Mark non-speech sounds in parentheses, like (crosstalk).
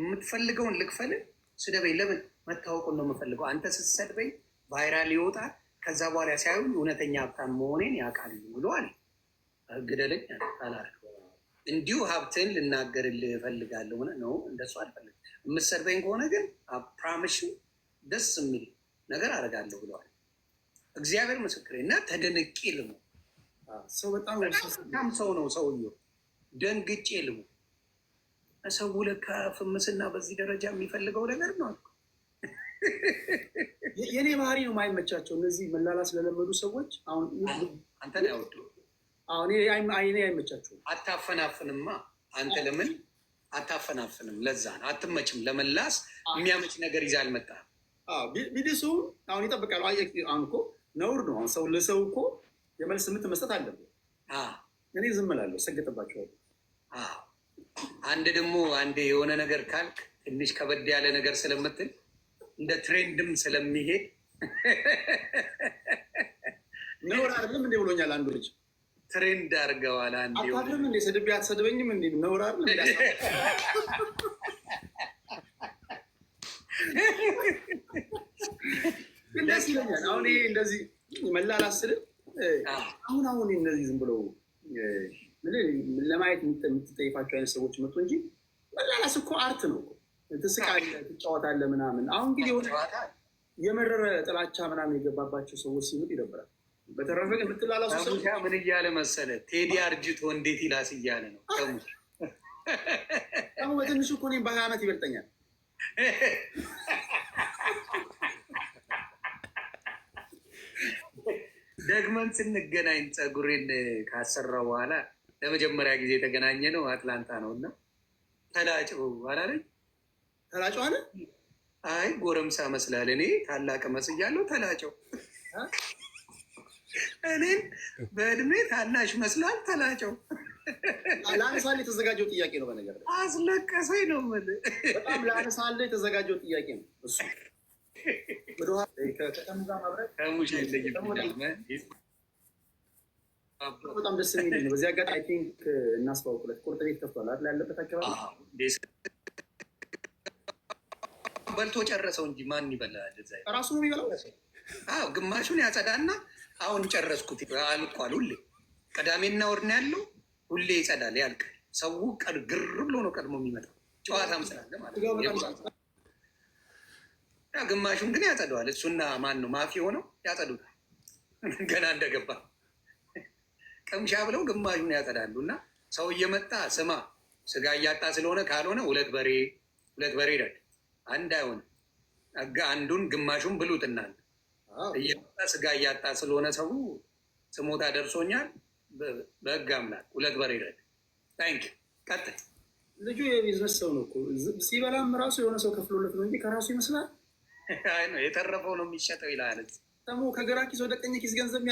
የምትፈልገውን ልክፈል፣ ስደበኝ። ለምን መታወቁን ነው የምፈልገው። አንተ ስትሰድበኝ ቫይራል ይወጣል። ከዛ በኋላ ሲያዩ እውነተኛ ሀብታም መሆኔን ያውቃል ብሎ አለ። ግደለኝ አላል። እንዲሁ ሀብትን ልናገርልህ እፈልጋለሁ ነው። እንደሱ አልፈልግ። የምትሰድበኝ ከሆነ ግን ፕራምሽ ደስ የሚል ነገር አደርጋለሁ ብለዋል። እግዚአብሔር ምስክሬ እና ተደንቄ ልሙ። ሰው በጣም ሰው ነው ሰውየው። ደንግጬ ልሙ ሰው ለካ ፍምስና በዚህ ደረጃ የሚፈልገው ነገር ነው። የእኔ ባህሪ ነው የማይመቻቸው እነዚህ መላላ ስለለመዱ ሰዎች። አሁን አንተን እኔ አታፈናፍንማ አንተ ለምን አታፈናፍንም? ለዛ ነው አትመችም። ለመላስ የሚያመች ነገር ይዛ አልመጣ ቢዲሱ አሁን ይጠብቃሉ። አሁን እኮ ነውር ነው። አሁን ሰው ለሰው እኮ የመልስ ምት መስጠት አለብህ። እኔ ዝም እላለሁ፣ ሰግጥባቸዋለሁ አንድ ደግሞ አንድ የሆነ ነገር ካልክ ትንሽ ከበድ ያለ ነገር ስለምትል እንደ ትሬንድም ስለሚሄድ ነውር (laughs) አይደለም እንዴ ብሎኛል አንዱ ልጅ ትሬንድ አድርገዋል። አንድ አታድርም እንዴ ስድብ አትሰድበኝም እንዴ ነውር አይደለም እንዴ እንደዚህ ይለኛል። አሁን ይሄ እንደዚህ መላላስ አሁን አሁን እነዚህ ዝም ብለው ለማየት የምትጠይፋቸው አይነት ሰዎች መቶ እንጂ መላላስ እኮ አርት ነው። ትስቃለህ፣ ትጫወታለህ ምናምን። አሁን ግን የሆነ የመረረ ጥላቻ ምናምን የገባባቸው ሰዎች ሲመጡ ይደብራል። በተረፈ ግን የምትላላሱ ምን እያለ መሰለ ቴዲ አርጅቶ እንዴት ይላስ እያለ ነው። አሁን በትንሹ እኮ እኔም በሀያ ዓመት ይበልጠኛል። ደግመን ስንገናኝ ፀጉሬን ካሰራው በኋላ ለመጀመሪያ ጊዜ የተገናኘ ነው አትላንታ ነው እና ተላጭው አላለኝ ተላጭ አለ። አይ ጎረምሳ መስላል። እኔ ታላቅ መስያለሁ። ተላጨው እኔን በእድሜ ታናሽ መስላል። ተላጨው ለአነሳል የተዘጋጀው ጥያቄ ነው። በነገር አስለቀሰኝ ነው ምን በጣም ለአነሳል የተዘጋጀው ጥያቄ ነው እሱ ከሙሽ በጣም ደስ የሚል ነው። በዚህ አጋጣሚ አይ ቲንክ እናስታውቅለት ቁርጥ ቤት ከፍቷል አይደል? ያለበት አካባቢ በልቶ ጨረሰው እንጂ ማን ይበላል? እዛ ራሱ ነው የሚበላው። አዎ ግማሹን ያጸዳና አሁን ጨረስኩት አልቋል። ሁሌ ቅዳሜና ወር ያለው። ሁሌ ይጸዳል፣ ያልቅ። ሰው ግር ብሎ ነው ቀድሞ የሚመጣው። ጨዋታም ስላለ ማለት ግማሹን ግን ያጸደዋል። እሱና ማን ነው ማፊ ሆነው ያጸዱታል ገና እንደገባ ቅምሻ ብለው ግማሹን ያጸዳሉ። እና ሰው እየመጣ ስማ ስጋ እያጣ ስለሆነ ካልሆነ ሁለት በሬ ሁለት በሬ ይላል። አንድ አይሆንም። አንዱን ግማሹን ብሉት እናንተ እየመጣ ስጋ እያጣ ስለሆነ ሰው ስሞታ ደርሶኛል። በህግ አምላክ ሁለት በሬ ይላል። ታንክ ቀጥል። ልጁ የቢዝነስ ሰው ነው እኮ ሲበላም ራሱ የሆነ ሰው ከፍሎለት ነው እንጂ ከራሱ ይመስላል። የተረፈው ነው የሚሸጠው ይላል። ደግሞ ከግራ ኪስ ወደ ቀኝ ኪስ ገንዘብ